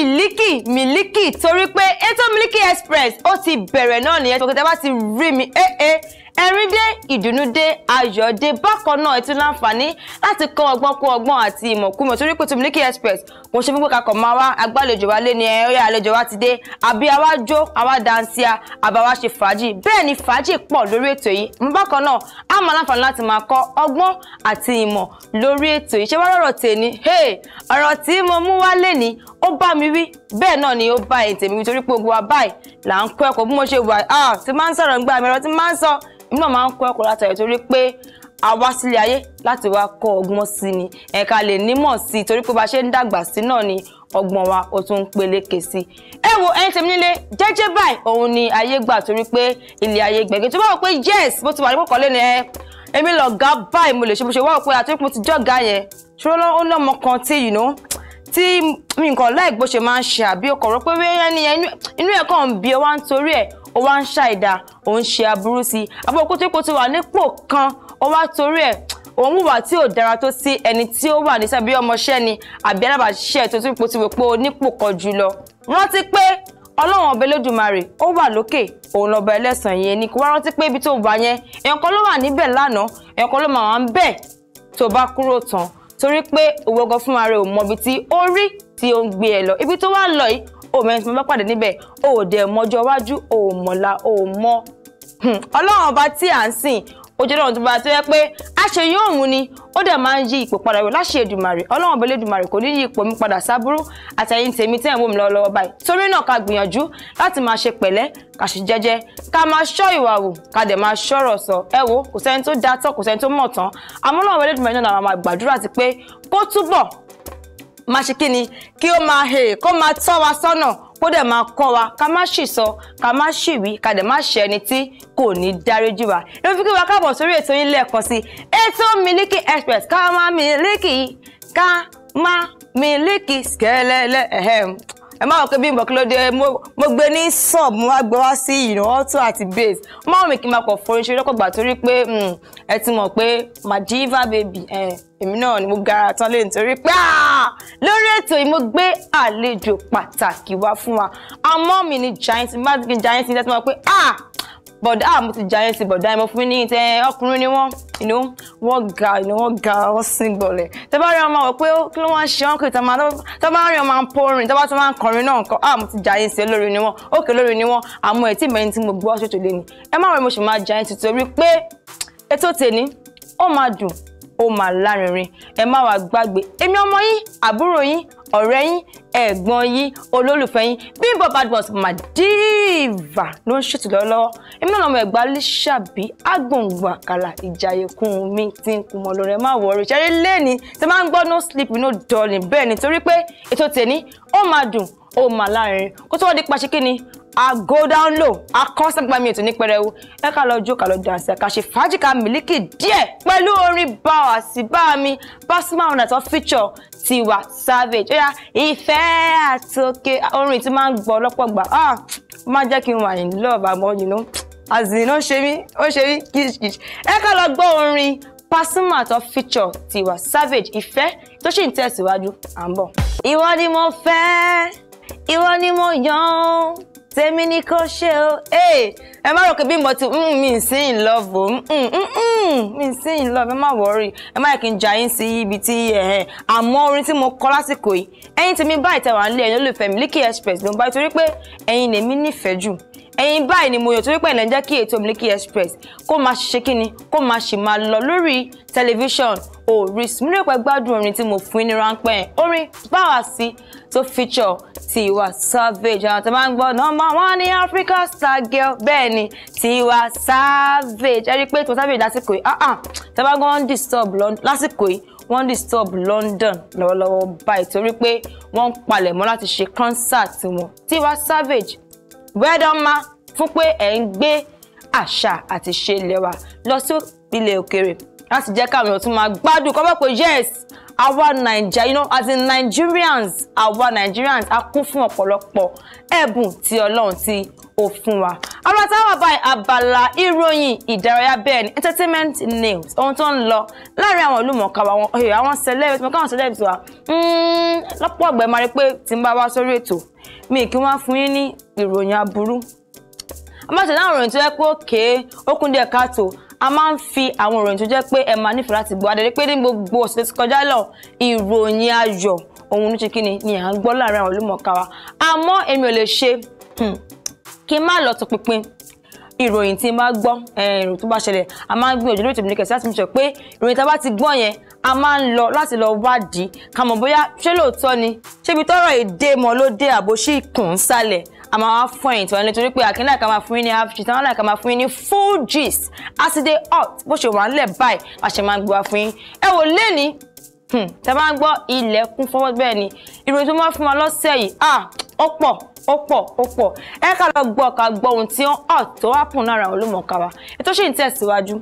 Miliki, miliki, torí pé ètò miliki express ó ti bẹ̀rẹ̀ náà nìyẹn tó kẹtẹ bá ti rí mi ẹ ẹ ẹ̀rín dé ìdùnnú dé ayọ̀ dé bákan náà ẹ tún láǹfààní láti kọ́ ọgbọ́n kó ọgbọ́n àti ìmọ̀kúmọ̀ torí pé ètò mílíkì express mo ṣe fún pé kakọ̀ máa wá agbálejò wa lé ní ẹ̀rẹ́ àlejò wa ti dé àbí àwa jó àwa dansia àbá wa ṣe fàájì bẹ́ẹ̀ ni fàájì pọ̀ lórí ètò yìí bákan náà a máa láǹfààní láti máa kọ́ ọgbọ́n àti ìmọ̀ lórí ètò yìí ṣé wá rọ̀rọ̀ tèmi ọ̀rọ̀ tí mo mú wá lé ní ó bá mi wí bẹ́ẹ̀ náà ni ó bá ẹ̀ tèmi wí torí pé gbogbo wa báyìí là ń kọ́ ẹ̀kọ́ bí mo ṣe wà á ti máa ń sọ̀rọ̀ ń gbà mí ọ̀rọ̀ ti máa ń sọ èmi máa ń kọ́ ẹ̀kọ́ látàrí torí pé a sílé ayé láti wá kọ́ ọgbọ́n sí ni ẹ̀ka lè nímọ̀ sí i torí pé bá ṣe ń dàgbà sí náà ni ọgbọ́n wa ó tún ń peléke sí i. ẹ wo ẹyin tèmi nílé jẹ́jẹ́ báyìí òun ni ayé gbà torí pé ilé ayé gbẹ̀gẹ́ tó bá wọ pé yes bó ti wà ní kọ̀ọ̀kan lẹ́nu ẹ èmi lọ́gàá báyìí mo lè ṣe bó ṣe wá òpin àti pé mo ti jọ́gàá yẹn ṣòro ó ní ọmọ kan tí you know tí mi nǹkan láì bó ṣe máa ń ṣe àbí ọkọ̀ rọ pé wíyá ni inú ẹ̀ kàn ń bí ọ wá ń torí ẹ̀ ó wá ń ṣàìdá ó ń ṣe aburú sí i àbọ̀ kó tó kó ti wà nípò kan ó wá torí ẹ̀ òun wùwà tí ò dára tó sí ẹni tí ó wà ní sábẹ́ ọmọṣẹ́ ni àbí alábàáṣiṣẹ́ tó tún pòtiwé pé ó nípò kan jù lọ. rántí pé ọlọ́run ọba Elédùmarè ó wà lókè òun lọ́ba ẹlẹ́sàn yẹn ni kò wá rántí pé ibi tó wà yẹn ẹ̀yàn ló wà níbẹ̀ lánàá ẹ̀yàn ló máa ń bẹ̀ tó bá kúrò tán torí pé òwe ọgọ fún ara ò mọbi tí ó rí tí ó ń gbé ẹ lọ ibi tó wá lọ yìí ò mẹ́rin tí mo bá pàdé níbẹ̀ ò dẹ̀ mọjọ́ iwájú ò mọ̀la ò mọ hmm, ọlọ́run ọba tí à ń sìn ó jẹ́ ọlọ́run tó bá tó yẹ pé àṣeyọ òun ni ó dẹ̀ máa ń yí ipò padà rẹ̀ láṣẹ Èdùmàrè ọlọ́run ọbẹ̀ lẹ́dùmàrè kò ní yí ipò mi padà sábúrú àtẹ̀yìn tèmi tẹ̀ ń wò mí lọ́wọ́lọ́wọ́ báyìí torí náà ká gbìyànjú láti máa ṣe pẹ̀lẹ́ ká ṣe jẹ́jẹ́ ká máa ṣọ́ ìwà wò ká dẹ̀ máa ṣọ́rọ̀ sọ ẹ wo kò sẹ́ni tó dá tán kò sẹ́ni tó mọ̀ tán àmọ́ ọlọ́run ọbẹ̀ lẹ́dùmàrè kó dẹ̀ máa kọ́ wa ká má ṣì sọ ká má ṣì wí ká dẹ̀ má ṣe ẹni tí kò ní dáríjì wa ló fi kí wa káàbọ̀ sórí ètò yín lẹ́ẹ̀kan sí ètò Miliki Express ká má Miliki ká má Miliki skẹ́lẹ́lẹ́ ẹ̀hẹ́m ẹ máa wọ pé Bímbọ́ kí ló dé mo gbé ní sub mo wá gbé wá sí ìran auto àti base mo máa mi kí n máa pọ̀ forin ṣe lọ́pọ̀ torí pé hmm, ẹ ti mọ̀ pé Madiva baby èmi náà ni mo gara tán lé nítorí pé ah! lórí ètò yìí mo gbé àlejò pàtàkì wá fún wa àmọ́ mi ni Giant Giant pé ah bọ̀dá àmọ́ ah, ti jayé ti bọ̀dá ìmọ̀ fún mi ní ìtẹ́ ọkùnrin ni wọ́n ìnú wọ́n ga ìnú wọ́n ga wọ́n sìn gbọ̀lẹ̀ tẹ bá rí ọmọ wọ̀ pé kí ló wọ́n ṣe ọ́nkì tẹ bá rí ọmọ pọ́nrin tẹ bá tún máa ń kọrin náà nǹkan àmọ́ ah, ti jayé sí olórí ni wọ́n òkè lórí ni wọ́n àmọ́ ẹ̀ tí tí mo gbọ́ ṣètò lé ni ẹ má rẹ̀ mo sì máa jayé ti torí pé ètò tèmi ó máa dùn ó máa lárinrin ẹ má wàá gbàgbé èmi ọmọ yín àbúrò yín ọ̀rẹ́ yín ẹ̀gbọ́n yín olólùfẹ́ yín Bimbo Badmus madiva ló ń ṣètò lọ́wọ́lọ́wọ́ èmi náà lọ́mọ ẹ̀gbá lẹ́ṣàbí agbóǹgbò àkàlà ìjàyèkún mi ti ń kun mọ́ lórí ẹ̀ má wọrí ṣẹ́rí lẹ́ni tí máa ń gbọ́ no sleep no dulling bẹ́ẹ̀ ni torí pé ètò tèmi ó máa dùn ó máa láàrin kó tó wọ́n di pàṣẹ kí ni a go down low a kọ́ sẹ́gbà mi ètò ní pẹrẹwu ẹ ká lọ jó ká lọ dànsẹ̀ ká ṣe fàájì ká mílíkì díẹ̀ pẹ̀lú orin báwa sí bá mi Pasuma ọ̀nà tó feature Tiwa Savage ó yá ìfẹ́ àtòkè orin tí máa ń gbọ́ lọ́pọ̀ gbà ah máa jẹ́ kí n wà ní love àmọ́ you know àzìnà ṣe mí ó ṣe mí kìsìkìsì ẹ ká lọ gbọ́ orin Pasuma tó feature Tiwa Savage ìfẹ́ tó sì ń tẹ̀síwájú à ń bọ̀. ìwọ ni mo fẹ́ ìwọ ni mo yàn tèmi ni kò ṣe o ẹ má rò pé bí mo ti mm, mi sí in love o mm, mm, mi ń sí in love ẹ má wọrí ẹ má yẹ kí n jà yín sí ibi tí àmọ́ orin tí mo kọ lásìkò yìí ẹ̀yin tèmi báyìí tẹwàá ń lé ẹ̀yin olùfẹ́ Miliki Express ló ń bá torí pé ẹ̀yin lèmi nífẹ̀ẹ́ jù ẹ̀yin báyìí ni mo yàn torí pé ẹ̀lẹ́ ń jẹ́ kí ètò Miliki Express kó máa ṣiṣẹ́ kí ni kó máa ṣì máa lọ lórí tẹlifíṣọ̀n Orísun mílíọ̀nù pẹ́ gbádùn orin tí mo fún ní ráńpẹ́ yẹn orin báwa sí tó feature Tiwa Savage àwọn tó máa ń gbọ́ nọ́mbà wọn ní Africa Star Girl bẹ́ẹ̀ ni Tiwa Savage ẹ rí i pé Tiwa Savage lásìkò yìí ah, ah, tó bá gbọ́n disturb lásìkò yìí wọ́n disturb London lọ́wọ́lọ́wọ́ báyìí torí pé wọ́n ń palẹ̀mọ́ láti ṣe concert wọn Tiwa Savage well ma fún pé ẹ̀ ń gbé àṣà àti ṣe ilẹ̀ wa lọ sí ilẹ̀ òkèèrè láti jẹ́ káwọn èèyàn tún máa gbádùn kọ́ mọ̀ pé yes àwa naija you know as in nigerians àwa nigerians a kún fún ọ̀pọ̀lọpọ̀ ẹ̀bùn tí ọlọ́run tí ó fún wa. àwọn táwọn bá abala ìròyìn ìdárayá Ben entertainment news ohun tó ń lọ láàrin àwọn olùmọ̀ọ́ká wa àwọn celebs eh, mọ̀ọ́ká àwọn celebs wa hmm, lọ́pọ̀ ọ̀gbẹ́ máa rí pé tí n bá wá sórí ètò mi kí wọ́n fún yín ní ìròyìn aburú. àmọ́ ṣẹ̀dá ìròyìn tó yẹ pé òkè ó kún díẹ̀ a máa ń fi àwọn ìròyìn tó jẹ́ pé ẹ máa nífẹ̀ẹ́ láti gbọ́ adẹ́rẹ́ pé ní gbogbo ọ̀sẹ̀ tó ti kọjá lọ ìròyìn ayọ̀ òun ló ṣe kí ni ni à ń gbọ́ láàrin àwọn olùmọ̀ọ́ká wa àmọ́ èmi ò lè ṣe hmm, kí n má lọ tọpinpin ìròyìn tí n bá gbọ́ ìròyìn tó bá ṣẹlẹ̀ a máa ń gbìyànjú lórí ìtòmìnira kẹsì láti mú sọ pé ìròyìn tá a bá ti gbọ́ yẹn a máa ń lọ láti lọ wádìí ká bóyá ṣé lóòótọ́ ni ṣébi tọ́rọ̀ èdè mọ́ ló dé àbòṣí ìkùn sálẹ̀ a máa wá fún ẹ̀yìn tiwọn nítorí pé àkínlá ìka máa fún yín ní half gist àwọn ìka máa fún yín ní full gist àsìdè hot bó ṣe wà nílẹ̀ báyìí a ṣe máa ń gbé wá fún yín ẹ wò lẹ́ni hmm, tẹ bá ń gbọ́ ilẹ̀ kún fọwọ́ bẹ́ẹ̀ ni ìròyìn tó máa fún wa lọ́sẹ̀ yìí ah ó pọ̀ ó pọ̀ ó pọ̀ ẹ ká lọ gbọ́ ká gbọ́ ohun tí ó hot tó wá pùn lára olómọ̀ọ́ká wa ètò ṣì ń tẹ̀síwájú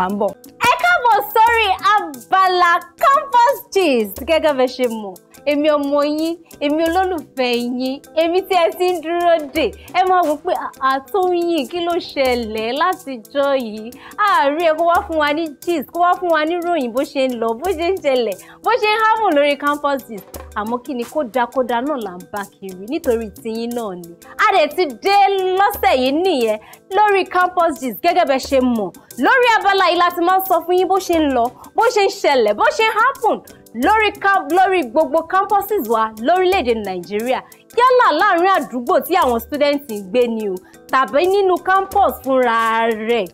à ń bọ̀. ẹ káàbọ̀ sórí abala campus cheese. gẹ́gẹ́ bẹ́ẹ̀ ṣe mọ̀ èmi ọmọ yín èmi olólùfẹ́ yín èmi tí ẹ ti ń dúró dè ẹ máa wò pé àtúnyìn kí ló ṣẹlẹ̀ látijọ́ yìí ààrẹ kó wá fún wa ní gist kó wá fún wa ní ròyìn bó ṣe ń lọ bó ṣe ń ṣẹlẹ̀ bó ṣe ń hámù lórí campus gist àmọ́ kí ni kódakóda náà là ń bá kiri nítorí tiyín náà ni a dẹ̀ ti dé lọ́sẹ̀ yìí nìyẹn lórí campus gẹ́gẹ́ bẹ́ẹ̀ ṣe mọ̀ lórí abala yìí láti máa ń sọ fún yín bó ṣe ń lọ bó ṣe ń ṣẹlẹ̀ bó ṣe ń happen lórí lórí gbogbo campuses wa lórílẹ̀‐èdè nàìjíríà yálà láàrin àdúgbò tí àwọn students ń gbé ni o tàbí nínú campus fúnra rẹ̀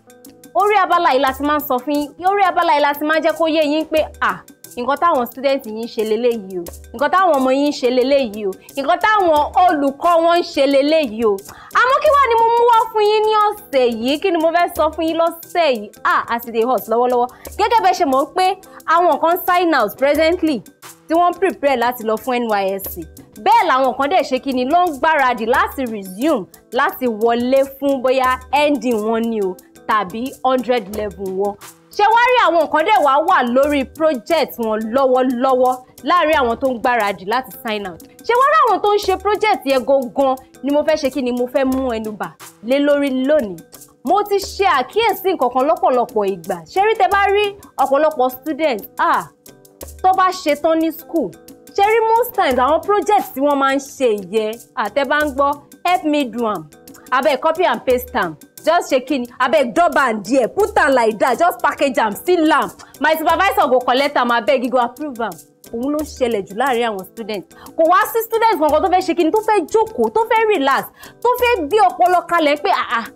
orí abala yìí la ti máa ń sọ fún yín orí abala yìí la ti máa ń jẹ́ kó yé yín pé ah nǹkan táwọn student yìí ń ṣe leléyìí o nǹkan táwọn ọmọ yìí ń ṣe leléyìí o nǹkan táwọn olùkọ́ wọn ń ṣe leléyìí o àmọ́ kí wàá ni mo mú wá fún yín ní ọ̀sẹ̀ yìí kí ni mo fẹ́ sọ fún yín lọ́sẹ̀ yìí à àti the hot lọ́wọ́lọ́wọ́ gẹ́gẹ́ bẹ́ẹ̀ ṣe mọ̀ pé àwọn kan sign out presently tí wọ́n prepare láti lọ fún NYSC bẹ́ẹ̀ làwọn kan dẹ̀ ṣe kí ni ló ń gbáradì láti resume láti wọlé fún bóyá ending wọn ni o tàbí hundred level wọn ṣé wá rí àwọn nǹkan dẹ̀ wá wà lórí project wọn lọ́wọ́lọ́wọ́ láàárín àwọn tó ń gbáradì láti sign out ṣé wá rí àwọn tó ń ṣe project yẹn gangan ni mo fẹ́ ṣe kí ni mo fẹ́ mú ẹnu bà lé lórí lónìí mo ti ṣe àkíyèsí nǹkan kan lọ́pọ̀lọpọ̀ ìgbà ṣé rí tẹ bá rí ọ̀pọ̀lọpọ̀ student ah tó bá ṣe tán ní school ṣe rí most times àwọn project tí wọ́n máa ń ṣe yẹ àtẹ bá ń gbọ́ help me do am abẹ́ copy and paste am just ṣe kini abeg drop am there put am like that just package am seal am my supervisor go collect am abeg he go approve am òun ló ṣẹlẹ̀ jù láàrin àwọn students. kò wá sí student kankan tó fẹ́ ṣe kini tó fẹ́ jókòó tó fẹ́ relax tó fẹ́ gbé ọpọlọ kalẹ̀ pé ah, ah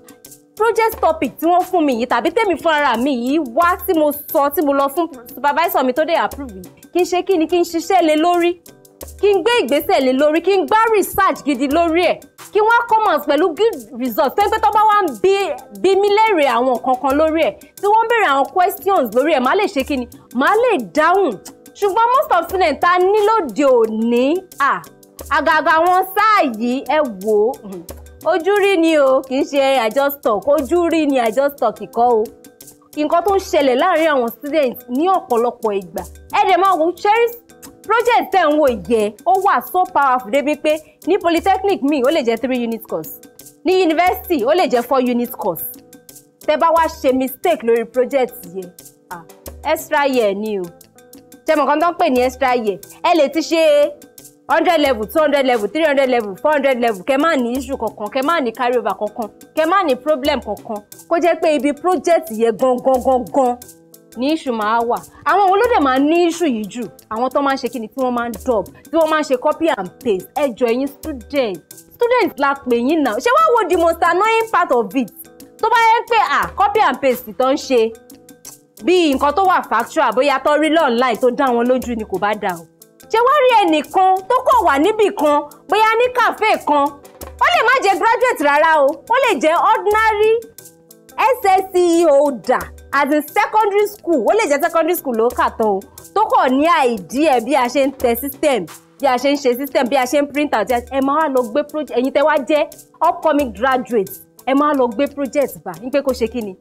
project topic tí wọ́n fún mi yìí tàbí tèmi fúnra mi yìí wá tí mo sọ tí mo lọ fún supervisor mi tó dé approve yìí kí n ṣe kí ni kí n ṣiṣẹ́ lé lórí kí n gbé ìgbésẹ̀ lé lórí kí n gbá research gidi lórí ẹ̀ kí wọ́n comment pẹ̀lú good results tó ń pẹ́ tó bá wá ń bí bí mí léèrè àwọn nǹkan lórí ẹ̀ tí wọ́n ń béèrè àwọn questions lórí ẹ̀ màá lè ṣe kí ni màá lè dáhùn ṣùgbọ́n most of students ta ní lóde òní à àgàgà wọn sáà yìí ẹ wò ó ojú rí ni o kì í ṣe I just talk ojú rí ni I just talk ìkọ́ o nǹkan tó ń ṣẹlẹ̀ láàrin àwọn students ní ọ̀pọ̀lọpọ̀ ìgbà ẹ dẹ̀ máa wo cherish project tẹ̀ ń wò yẹ ó wà so powerful débi pé ní polytechnic mi ó lè jẹ́ three unit course ní university ó lè jẹ́ four unit course tẹ́ bá wá ṣe mistake lórí project yẹn ah extra year ni o ṣe mọ̀ kan tó ń pè ní extra year ẹ lè ti ṣe hundred level two hundred level three hundred level four hundred level kẹ má ní issue kankan kẹ má ní carry over kankan kẹ má ní problem kankan kó jẹ́ pé ibi project yẹn gan gan gan gan ní iṣu máa wà àwọn wo ló dẹ̀ máa ní iṣu yìí jù àwọn tó máa ń ṣe kí ni tí wọ́n máa ń dub tí wọ́n máa ń ṣe copy and paste ẹjọ́ ẹ̀yin student student la pè yín náà ṣé wàá wo the most annoying part of it tó bá yẹ pé à copy and paste tó ń ṣe bíi nǹkan tó wà factual bóyá tó rí online tó dá wọn lójú ni kò bá dà o ṣé wàá rí ẹnìkan tó kọ̀ wà níbì kan bóyá ní cafe kan ó lè má jẹ́ graduate rárá o ó lè jẹ́ ordinary SSC e holder as in secondary school ó lè jẹ́ secondary school ló kà tán o tó kọ̀ ní idea bí a ṣe ń tẹ system bí a ṣe ń ṣe system bí a ṣe ń print out ẹ máa lọ gbé project ẹ̀yin tẹ́ wá jẹ́ upcoming graduate ẹ máa lọ gbé project bá ní pé kó ṣe kí ni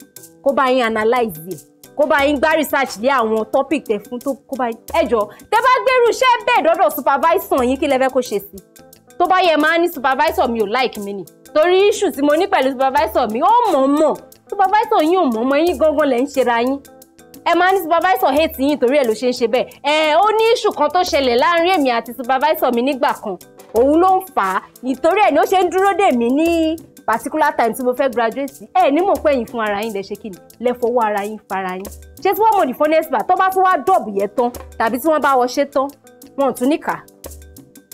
kó bá yín analyze yẹ kó bá yín gbá research lé àwọn topic tẹ fún tó kó bá yín ẹ jọ tẹ́ bá gbérù iṣẹ́ bẹ́ẹ̀ dọ́dọ̀ supervisor yín kí lẹ fẹ́ kó ṣe sí tó bá yẹ máa ní supervisor mi ò like mi ni torí issue tí mo ní pẹ̀lú supervisor mi ó mọ̀ mọ̀ supervisor yín ò mọ̀ ọmọ yín gangan lẹ̀ ń ṣera yín ẹ máa ní supervisor hate yín torí ẹ ló ṣe ń ṣe bẹ́ẹ̀ ẹ ó ní ìṣù kan tó ṣẹlẹ̀ láàrin èmi àti supervisor mi nígbà kan òun ló ń fà á nítorí ẹ ní ó ṣe ń dúró dè mí ní particular time tí mo fẹ́ graduate ẹ ní mọ̀ pé ẹ̀yin fún ara yín lẹ ṣe kíni lẹ fọwọ́ ara yín fara yín ṣé tí wọ́n mọ̀ ní furnace bar tó bá tún wá dọ̀bù yẹn tán tàbí tí wọ́n bá wọ ṣe tán wọn ò tún níkà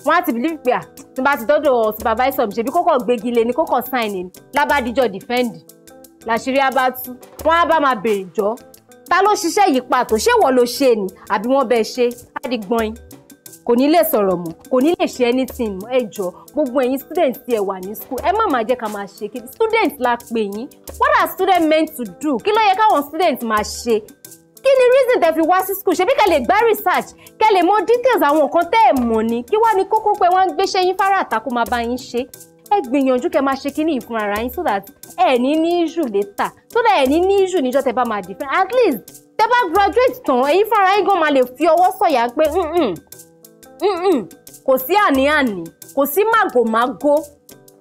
wọn á ti believe pé à tí n bá ti dọ́dọ̀ supervisor mi ṣèbí kókò gbégi lé ni kókò sign in lábàdíjọ́ defend làṣírí abátú wọn á bá máa bèrè jọ ta ló ṣiṣẹ́ yìí pàtó ṣé wọ́n ló ṣe ni àbí wọ́n bẹ́ẹ̀ ṣe á di gbọ́n kò ní lè sọ̀rọ̀ mọ́ kò ní lè ṣe anything mọ́ ẹ gbogbo ẹ̀yin student ẹ wà ní school ẹ má máa jẹ́ ká máa ṣe kí student la pè yín what are students meant to do kí ló yẹ káwọn student máa ṣe kí ni reason tẹ́ fi wá sí school ṣebí kẹ́ lè gbá research kẹ́ lè mọ details àwọn nǹkan tẹ́ ẹ mọ̀ ni kí wá ní kókó pé wọ́n ń gbéṣẹ́ yín fara àtàkùn máa bá yín ṣe ẹ gbìyànjú kẹ máa ṣe kíní ìfún ara yín so that ẹ ní ní issue later so that ẹ ní ní issue níjọ́ tẹ bá máa defend at least tẹ bá graduate tán ẹ̀yin fúnra yín gan máa lè fi ọwọ́ sọ̀yà pé kò sí àní-àní kò sí màgòmágó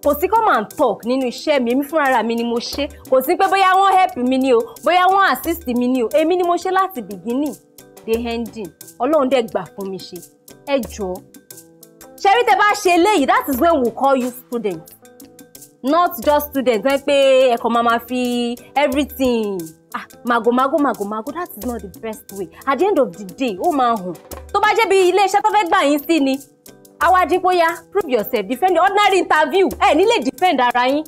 kò sí come and talk nínú iṣẹ́ mi èmi fúnra mi ni mo ṣe kò sí pé bóyá wọ́n help mi ni o bóyá wọ́n assist mi ni o èmi ni mo ṣe láti beginning dé ending ọlọ́run dẹ̀ gbà fún mi ṣe ẹ jọ̀ọ́ ṣẹ́rí tẹ bá ṣe léyìí that is when we we'll call you student not just student wẹ́n pé ẹ̀kọ́ máa ma fi everything ah màgò màgò màgò that is not the best way at the end of the day ó máa hàn tó bá jẹ́ bí ilé iṣẹ́ tó fẹ́ gbà yín sí ni awadípóyá prove yourself defend the ordinary interview ẹ nílé defend ara yín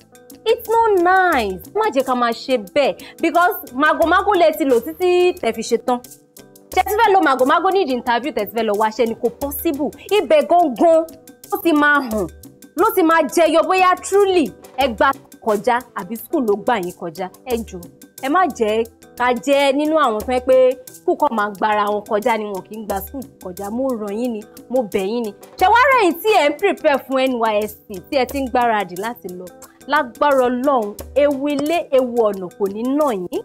it's not nice má jẹ́ ká máa ṣe bẹ́ẹ̀ because màgòmágó lè ti lò títí tẹ̀ fi ṣe tán ṣe ti fẹ́ lọ màgòmágó nídìí interview tẹ̀ ti fẹ́ lọ wáṣẹ́ ni kò possible ibẹ̀ gangan ló ti máa hàn ló ti máa jẹyọ bóyá truly ẹ gbà kọjá àbí school ló gbà yín kọjá ẹ jù ẹ má jẹ́ ká jẹ́ nínú àwọn fẹ́ pé school máa gbára wọn kọjá ni wọn kì í gba school kọjá mo ràn yín ni mo bẹ̀ yín ni ṣẹ̀wárẹ̀ yìí tí ẹ ń prepare fún NYSC tí ẹ ti ń gbáradì láti lọ lágbára ọlọ́run ewu ewu ọ̀nà kò ní nà yín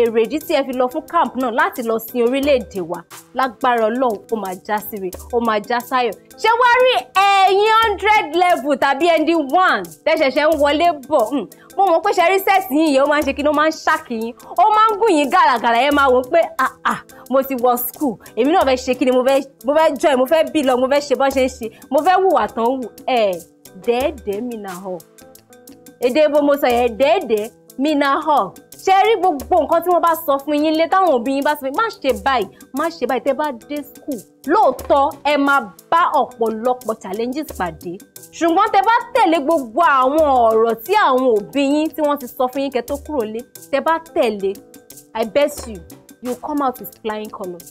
èrèdí tí ẹ fi lọ fún camp náà láti lọ sin orílẹ̀-èdè wa lágbára ọlọ́run ó máa já síre ó máa já sáyọ̀ ṣé wá rí ẹ̀yin hundred level tàbí ẹni one tẹ́ṣẹ̀ṣẹ̀ ń wọlé bọ̀ hmm, mo mọ̀ pé ṣẹ́rí sẹ́ẹ̀tì yìí yẹn ó máa ń ṣe kí ni ó máa ń ṣàkíyín ó máa ń gùn yín gàràgàrà yẹn máa wò pé àà mo ti wọ school èmi náà fẹ́ ṣe kí ni mo fẹ́ join mo fẹ́ bí lọ mo fẹ́ ṣe bọ́ ṣe ń ṣe mo fẹ́ hùwà tán hù ẹ̀ dẹ́ẹ̀dẹ́ mi nà họ èdè ibo mo sọ yẹn dẹ́ẹ̀dẹ́ mi nà họ ṣe rí gbogbo nǹkan tí wọ́n bá sọ fún yín lé táwọn òbí yín bá sọ fún yín má ṣe báyìí má ṣe báyìí tẹ́ bá dé school lóòótọ́ ẹ máa bá ọ̀pọ̀lọpọ̀ challenges pàdé ṣùgbọ́n tẹ́ bá tẹ̀lé gbogbo àwọn ọ̀rọ̀ tí àwọn òbí yín tí wọ́n ti sọ fún yín kẹ́ tó kúrò lé tẹ́ bá tẹ̀lé i bet you you come out with flying colours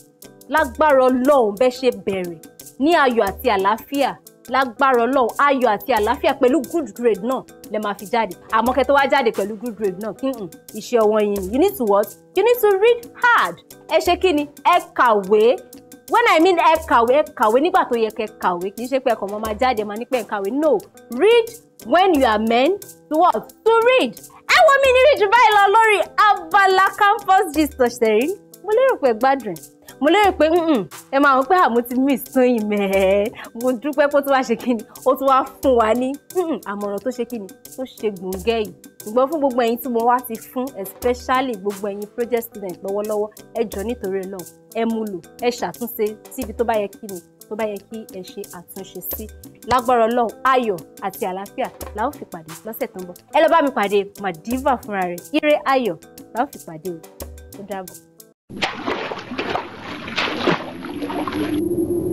lágbára Ọlọ́run bẹ́ ṣe bẹ̀rẹ̀ ní ayọ̀ àti àlàáfíà lágbára ọlọ́run ayọ̀ àti àlàáfíà pẹ̀lú good grade náà lè máa fi jáde àmọ́ kẹ́ tó wá jáde pẹ̀lú good grade náà kí n mm, iṣẹ́ ọwọ́ yín you need to what you need to read hard ẹ ṣe kí ni ẹ kàwé when i mean ẹ kàwé ẹ kàwé nígbà tó yẹ kẹ́ kàwé kì í ṣe pé ẹkọ mọ máa jáde máa ní pé ẹ kàwé no read when you are meant to what to read ẹ wo mi ní rí jù báyìí lọ lórí abala campus gist ọ̀sẹ̀ rí mo lérò pé gbádùn mo lérò pé ẹ máa wọ́n pé àmọ́ ti miss Tóyìn mẹ́ẹ́ mo dúpẹ́ kó tó wá ṣe kí ni ó tó wá fún wa ní àmọ̀ràn tó ṣe kí ni tó ṣe gbòǹgẹ́ yìí ṣùgbọ́n fún gbogbo ẹ̀yin tí mo wá ti fún especially gbogbo ẹ̀yin project student lọ́wọ́lọ́wọ́ ẹ jọ nítorí ẹ lọ ẹ mú lò ẹ ṣàtúnṣe síbi tó bá yẹ kí ni tó bá yẹ kí ẹ ṣe àtúnṣe sí lágbára Ọlọ́run ayọ̀ àti àlàáfíà la ó fi pàdé lọ́sẹ̀ tó ń bọ̀ ẹ lọ bá mi pàdé madiva fúnra rẹ̀ ire ayọ̀ la ó fi pàdé o ó dàbọ̀. あ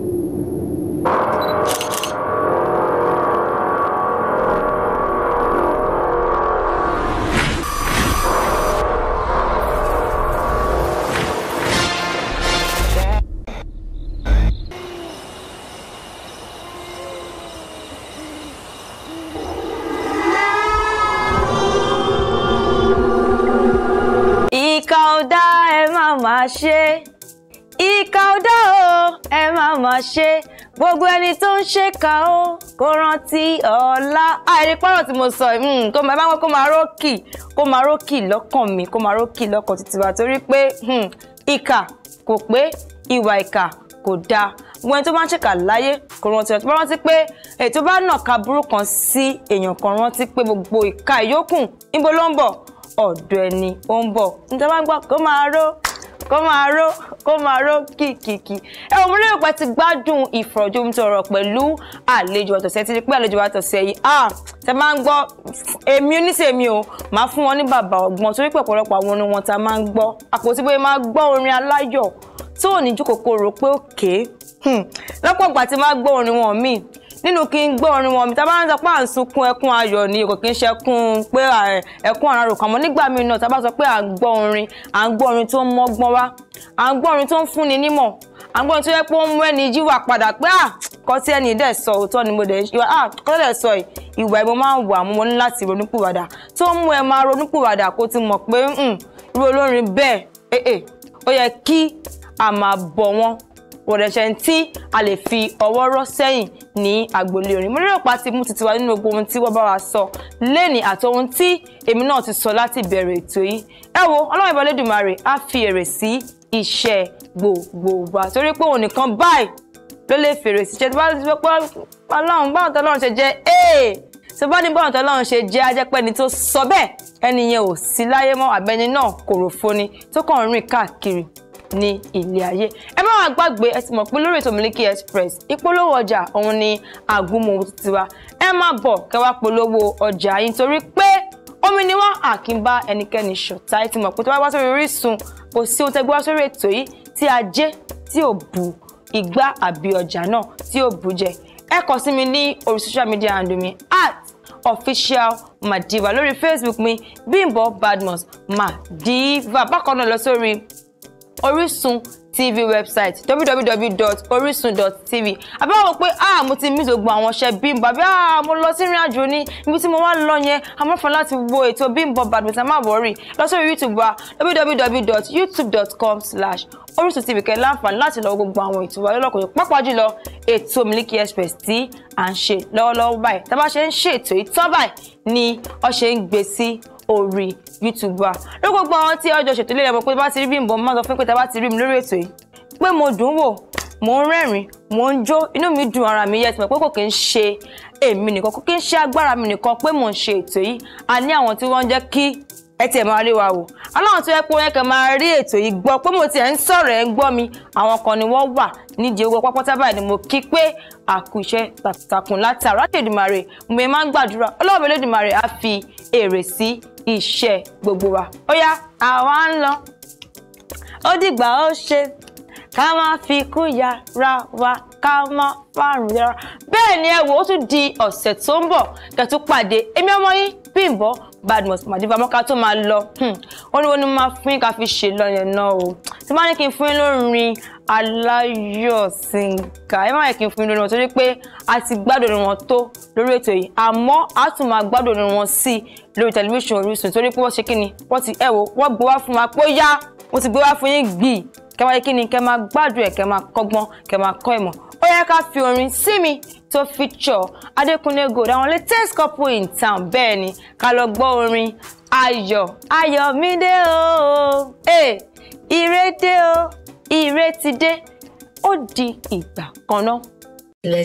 máa ṣe gbogbo ẹni tó ń ṣèkà ó kó rántí ọ̀la àìrí pọ́rọ̀ tí mo sọ hmm, kó máa bá wọn kó máa rókì kó máa rókì lọ́kàn mi kó máa rókì lọ́kàn títí wa torí pé hmm, ìkà kò pé ìwà ìkà kò dáa gbogbo ẹni tó bá ń ṣèkà láyé kò rántí ọ̀tún bá rántí pé ètò bá nà ká burú kan sí èèyàn kan rántí pé gbogbo ìka ìyókù níbo ló ń bọ̀ ọ̀dọ̀ ẹni ó ń bọ̀ níta bá gbọ́ kó máa ró kó máa ró kó máa ró kìkìkì ẹ ò mú lérò pé ti gbádùn ìfọ̀rọ̀jomitọ̀rọ̀ pẹ̀lú àlejò àtọ̀sẹ̀ ti di pé àlejò àtọ̀sẹ̀ yìí ah tẹ máa ń gbọ́ èmi oníṣèmi o máa fún wọn ní bàbá ọgbọ́n torí pé ọ̀pọ̀lọpọ̀ àwọn orin wọn ta máa ń gbọ́ àpótí bóyá máa gbọ́ orin aláyọ̀ tó ò ní ju kòkòrò pé òkè hmm, lọ́pọ̀ ìgbà tí máa gbọ́ orin wọn míì nínú kí n gbọ́ orin wọn mi tá bá ń sọ pé à ń sunkún ẹkún ayọ̀ ni kò kí ń ṣẹkún pé ẹkún àrà rò kàn mọ́ nígbà míì náà tá bá sọ pé à ń gbọ́ orin à ń gbọ́ orin tó ń mọ́gbọ́n wá à ń gbọ́ orin tó ń fúnni nímọ̀ à ń gbọ́ orin tó yẹ pé ó ń mú ẹni jíwà padà pé à kọ́ tí ẹni dẹ̀ sọ òótọ́ ni mo dẹ̀ ìwà à kọ́ dẹ̀ sọ ìwà ẹ̀ mo máa ń wà mo ní láti ronúpìwàdà tó ń mú ẹ máa ronúpìwàdà kó ti mọ̀ pé hmm, irú olórin bẹ́ẹ̀ eh, eh, ó yẹ kí a máa bọ̀ wọ́n wọ́n rẹ̀ ṣe ń tí a lè fi ọwọ́ rọ́ sẹ́yìn ní agboolé orin mo lérò pa ti mú titi wa nínú gbogbo ohun tí wọ́n bá wa sọ lẹ́ni àti ohun tí èmi náà ti sọ láti bẹ̀rẹ̀ ètò yìí ẹ wo ọlọ́run ìbọn lẹ́dùnmarè á fi èrè sí iṣẹ́ gbogbo wa torí pé òun nìkan báyìí ló lè fèrè sí ṣe tí wọ́n ti pẹ́ ọlọ́run báwọn tó ọlọ́run ṣe jẹ́ ee tó bá ní báwọn tó ọlọ́run ṣe jẹ́ ajẹ́pẹ́ ni tó sọ bẹ́ẹ̀ ẹni yẹn ò sí láyé mọ́ àbẹ́ni náà kòròfo ni tó kàn ń rìn káàkiri ní ilé ayé ẹ má wàá gbàgbé ẹ sì mọ̀ pé lórí ètò Miliki Express ìpolówó ọjà òun ni àgúnmu tiwa ẹ má bọ̀ kẹ́ wá polówó ọjà yín torí pé omi ni wọ́n àkínbá ẹnikẹ́ni ṣọ̀tá ẹ ti mọ̀ pé tó bá wá sórí Orísun kò sí ohun tẹ́gbẹ́ wá sórí ètò yìí tí a jẹ tí ò bu ìgbà àbí ọjà náà tí ò bu jẹ ẹ kàn sí mi ní orí social media handle mi at official madiva lórí facebook mi bimbo badmus madiva bákan náà lọ sórí Orísun TV website www.orisun.tv àbẹ́wò pé ah mo ti miss gbogbo àwọn iṣẹ́ Bimbo àbí ah mo lọ sí ìrìn àjò ní ibi tí mo wá lọ yẹn amọ́fẹ́ láti wo ètò Bimbo badminton má lọ sórí YouTube wa www.youtube.com slash Orisun TV kẹ́ láǹfààní láti lọ gbogbo àwọn ètò wa lọ́lọ́kùnrin pápá jùlọ ètò Miliki Express tí à ń ṣe lọ́wọ́lọ́wọ́ báyìí tá a bá ṣe ń ṣètò ìtọ́ báyìí ni ọ ṣe ń gbé sí orí YouTube wa ló gbogbo àwọn tí ọjọ́ ṣètò ilé ẹ̀mọ́ pé bá ti rí bí nbọ̀ máa sọ fún pé tá bá ti rí mi lórí ètò yìí pé mo dùn wò mo ń rẹ́rìn mo ń jó inú mi dùn ara mi yẹ ti mọ̀ pé kò kí ń ṣe èmi nìkan kò kí ń ṣe agbára mi nìkan pé mò ń ṣe ètò yìí a ní àwọn tí wọ́n ń jẹ́ kí ẹ tiẹ̀ máa rí wa wò aláwọn tó yẹ pé wọn kàn máa rí ètò yìí gbọ́ pé mo tiẹ̀ ń sọ̀rọ̀ ẹ̀ ń gbọ́ mi àwọn kan ni wọ́n wà nídìí owó pápátá báyìí ni mo kí pé àkú iṣẹ́ takuntakun látara Olódùmarè mo máa ń gbàdúrà Ọlọ́run Olódùmarè á fi èrè sí iṣẹ́ gbogbo wa. ó yá àwa ń lọ ó dìgbà ó ṣe ká máa fi kú yàrá wa ká máa fàrùn yàrá. bẹ́ẹ̀ ni ẹ wò ó tún di ọ̀sẹ̀ tó ń bọ̀ kẹ́tù pàdé èmi ọmọ yín Bímbọ́ Badmus màdìbàmọ́ká tó máa lọ oríwo ni mo máa fún yín ká fi ṣe lọ yẹn náà o tí máa ní kí n fún yín lórin aláyọ̀sìnkà ẹ máa ní kí n fún yín lórin wọn torí pé a ti gbádùn wọn tó lórí ètò yìí àmọ́ a tún máa gbádùn wọn sí lórí tẹlifíṣàn Orísun torí pé wọ́n ṣe kí ni wọ́n ti ẹ̀ wò wọ́n gbé wá wa pé ó yá ti gbé wá fún yín gbì kẹ́ máa yẹ kí ni kẹ́ máa gbádùn ẹ̀ kẹ́ máa kọ́gbọ́n kẹ́ máa kọ́ ìmọ̀ ó yẹ ká fi orin sí mi tó feature Adékúnlé Gold àwọn latest couple in town bẹ́ẹ̀ ni ká lọ gbọ́ orin ayọ̀ ayọ̀ mi dé o ee ire dé o ire ti dé ó di ìgbà kan náà.